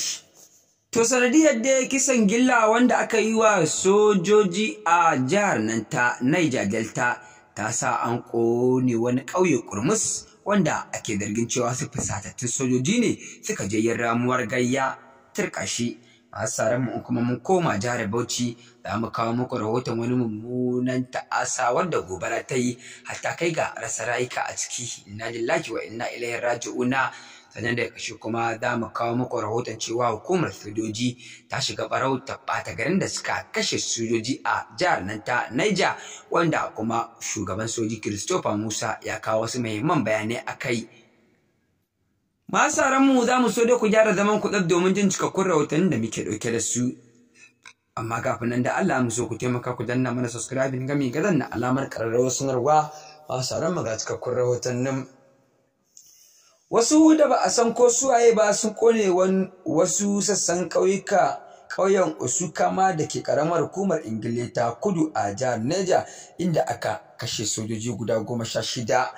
shi to sanadiyar da kisan gilla wanda aka yi wa sojoji a jihar nan ta Niger Delta ta sa an ƙone wani ƙauye kurmus wanda ake zargin cewa su fusatattun sojoji ne suka je yin ramuwar gayya turkashi masu mu kuma mun koma jihar Bauchi za mu kawo muku rahoton wani mummunan ta'asa wanda gobara ta yi hatta kai ga rasa rayuka a ciki inna lillahi wa inna ilaihi raji'una sannan da kashe kuma za mu kawo muku rahoton cewa hukumar sojoji ta shiga farauta ɓata garin da suka kashe sojoji a jihar nan ta Niger wanda kuma shugaban soji Christopher Musa ya kawo wasu muhimman bayanai a kai. Masaran mu za mu so dai ku gyara zaman ku domin jin cikakkun rahoton da muke ɗauke da su. amma kafin nan da Allah mu so ku taimaka ku danna mana subscribing gami ga danna alamar ƙararrawar sanarwa Masu ran mu ga cikakkun rahotannin wasu da ba a san ko suwaye ba sun kone wasu sassan ƙauyuka ƙauyen ma da ke ƙaramar hukumar Ingileta kudu a jihar Neja inda aka kashe sojoji guda goma sha shida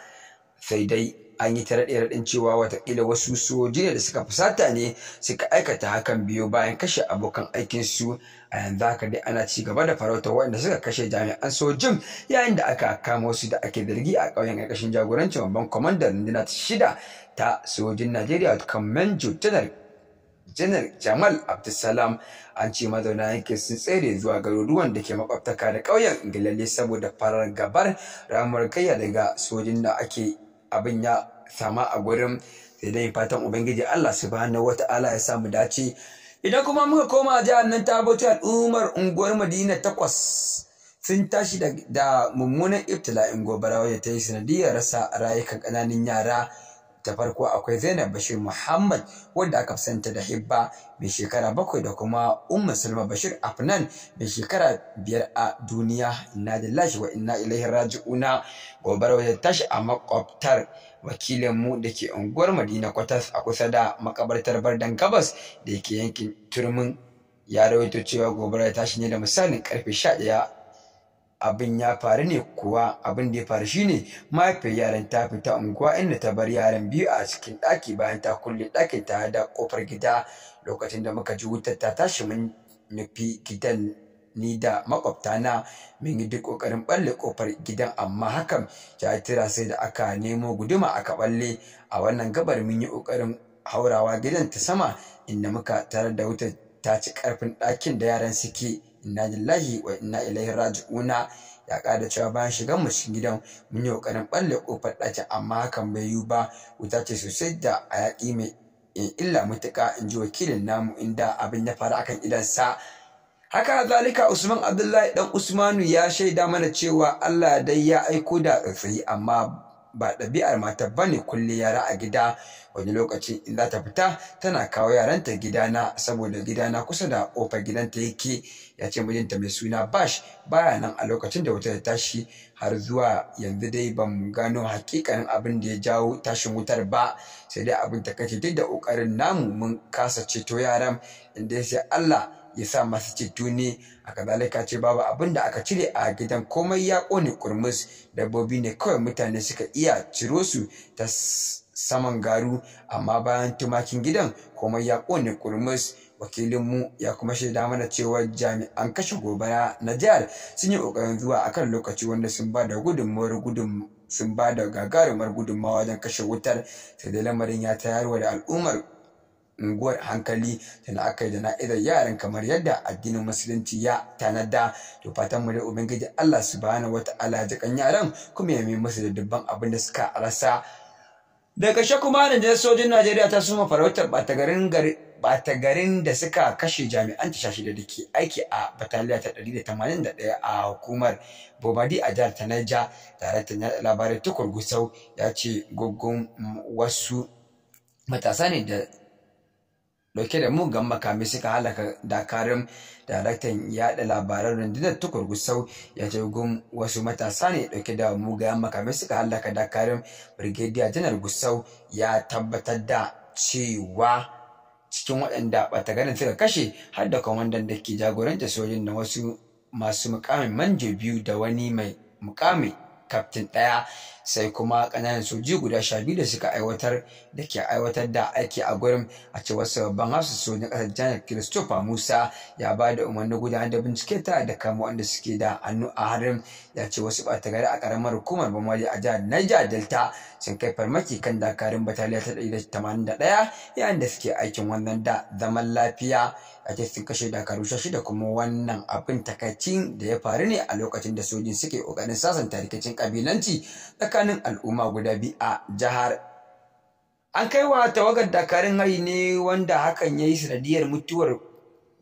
sai dai an yi tare raɗin cewa watakila wasu ne da suka fusata ne suka aikata hakan biyu bayan kashe abokan aikinsu a yanzu haka dai ana ci gaba da farauta waɗanda suka kashe jami'an sojin yayin da aka kama wasu da ake zargi a ƙauyen ƙarƙashin jagorancin babban kwamandan rundunar shida ta sojin najeriya kamenjo janar janar jamal abdulsalam an ce mazauna yankin sun tsere zuwa garuruwan da ke makwabtaka da ƙauyen ingilale saboda farar gabar ramar gayya daga sojin da ake abin ya sama a gurin sai fatan ubangiji Allah subhanahu wata'ala ya samu dace idan kuma muka koma jihar nan ta bauta al'ummar unguwar Madina takwas sun tashi da mummunan ibtila'in gobara wajen ta yi sanadiyar rasa rayukan ƙananan yara ta farko akwai Zainab Bashir Muhammad wanda aka santa da Hibba mai shekara bakwai da kuma Umma Salma Bashir Afnan mai shekara biyar a duniya inna lillahi wa inna ilaihi raji'una gobara wajen tashi a makwabtar wakilin mu da ke unguwar Madina Kwatas a kusa da makabartar Bardan Gabas da ke yankin Turmin ya rawaito cewa gobara ta tashi ne da misalin karfe sha ɗaya abin ya faru ne kuwa abin da ya faru shine mahaifiyar yaran ta fita unguwa inda ta bar yaran biyu a cikin ɗaki bayan ta kulle ɗakin ta da ƙofar gida lokacin da muka ji wutar ta tashi mun nufi gidan ni da makwabta na mun yi duk ƙoƙarin ɓalle ƙofar gidan amma hakan ya tira sai da aka nemo guduma aka ɓalle a wannan gabar mun yi ƙoƙarin haurawa gidan ta sama inda muka tarar da wutar ta ci ƙarfin ɗakin da yaran suke inna lillahi wa inna ilaihi raji'una ya ƙara cewa bayan shigan mu cikin gidan mun yi ƙoƙarin ɓalle ƙofar ɗakin amma hakan bai yiwu ba wuta ce sosai da hayaƙi mai illa matuƙa in ji wakilin namu inda abin ya faru akan idansa haka zalika usman abdullahi ɗan usmanu ya shaida mana cewa allah dai ya aiko da tsatsayi amma ba ɗabi'ar mata ba ne kulle yara a gida wani lokaci in za ta fita tana kawo yaranta gidana saboda gidana kusa da ƙofar gidanta yake ya ce mijinta mai suna bash baya nan a lokacin da wuta ta tashi har zuwa yanzu dai ba mu gano hakikanin abin da ya jawo tashin wutar ba sai dai abin ta kace duk da ƙoƙarin namu mun kasa ceto yaran inda sai Allah ya sa masu ceto a kadalika ce babu abin da aka cire a gidan komai ya ƙone kurmus dabbobi ne kawai mutane suka iya ciro su ta saman garu amma bayan tumakin gidan komai ya ƙone kurmus mu ya kuma shaida mana cewa jami'an kashe gobara na jihar sun yi ƙoƙarin zuwa akan lokaci wanda sun ba da gudunmawar gudun sun ba da gagarumar gudunmawa wajen kashe wutar sai dai lamarin ya tayar wa da al'ummar unguwar hankali tana aka yi na'izar yaran kamar yadda addinin musulunci ya tanada to fatan mu ubangiji Allah subhanahu wata'ala ya jikan yaran kuma ya mai musu da dubban abin da suka rasa da kashe kuma da sojin Najeriya ta suma farautar bata garin da suka kashe jami'an shida da ke aiki a bataliya ta 181 a hukumar Bobadi a jihar ta naija tare da labarai tukur gusau ya ce goggon wasu matasa ne da dauke da mugan makami suka halaka dakarun daraktan yada labaran rundunar tukur gusau ya ce gun wasu matasa ne dauke da mugan makami suka halaka dakarun brigadier janar gusau ya tabbatar da cewa cikin waɗanda ganin suka kashe har da kwamandan da ke jagorantar sojin na wasu masu mukamin manjo biyu da wani mai mukamin kaftin ɗaya sai kuma ƙananan soji guda sha biyu da suka aiwatar da ke aiwatar da aiki a gurin a cewar sababbin hafsu so na ƙasar janar christopher musa ya ba da umarnin gudanar da bincike ta da kama wanda suke da hannu a harin ya ce wasu ɓata gari a ƙaramar hukumar bamali a jihar niger delta sun kai farmaki kan dakarun bataliya ta ɗaya yayin da suke aikin wannan da zaman lafiya A sun kashe dakaru shashi da kuma wannan abin takaicin da ya faru ne a lokacin da sojin suke ƙoƙarin sasanta rikicin ƙabilanci, tsakanin al'umma guda biyu a jihar an kai wa tawagar dakarun hari ne wanda hakan ya yi sanadiyyar mutuwar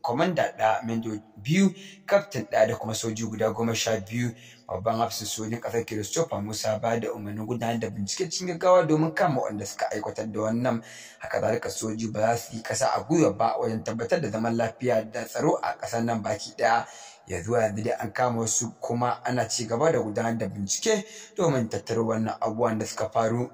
kwamanda ɗaya mendo biyu kaftin ɗaya da kuma soji guda goma sha biyu babban hafsin sojin ƙasar kiristofa musa ba da umarnin gudanar da bincike cikin gaggawa domin kama waɗanda suka aikatar da wannan haka zalika soji ba za su yi ƙasa a gwiwa ba wajen tabbatar da zaman lafiya da tsaro a ƙasar nan baki ɗaya ya zuwa yanzu dai an kama wasu kuma ana ci gaba da gudanar da bincike domin tattaro wannan abubuwan da suka faru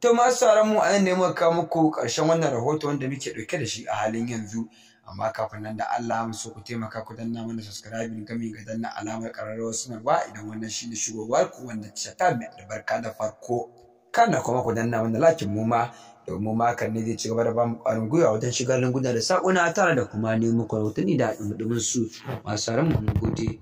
to masu mu a nan ne muka kawo muku ƙarshen wannan rahoton wanda muke ɗauke da shi a halin yanzu amma kafin nan da Allah mu so ku taimaka ku danna mana subscribe gami ga danna alamar ƙararrawar sanarwa idan wannan shine shigowar ku wanda ta mai albarka da farko kana kuma ku danna mana lakin mu ma domin ma kan ne zai ci gaba da ba mu ƙwarin gwiwa wajen shiga lunguna da sakuna tare da kuma neman rahotanni da haɗin su masu mu gode